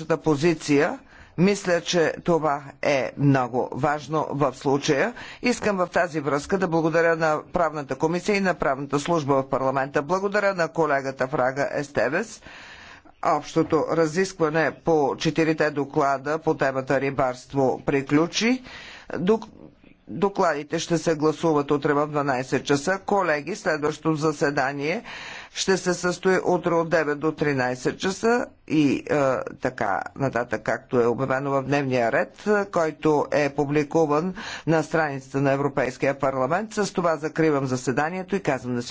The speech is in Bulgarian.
нашата позиция. Мисля, че това е много важно в случая. Искам в тази връзка да благодаря на правната комисия и на правната служба в парламента. Благодаря на колегата Фрага Естевес. Общото разискване по четирите доклада по темата рибарство приключи. Докладите ще се гласуват утре в 12 часа. Колеги, следващото заседание ще се състои утре от 9 до 13 часа и е, така нататък, както е обявено в дневния ред, е, който е публикуван на страницата на Европейския парламент. С това закривам заседанието и казвам на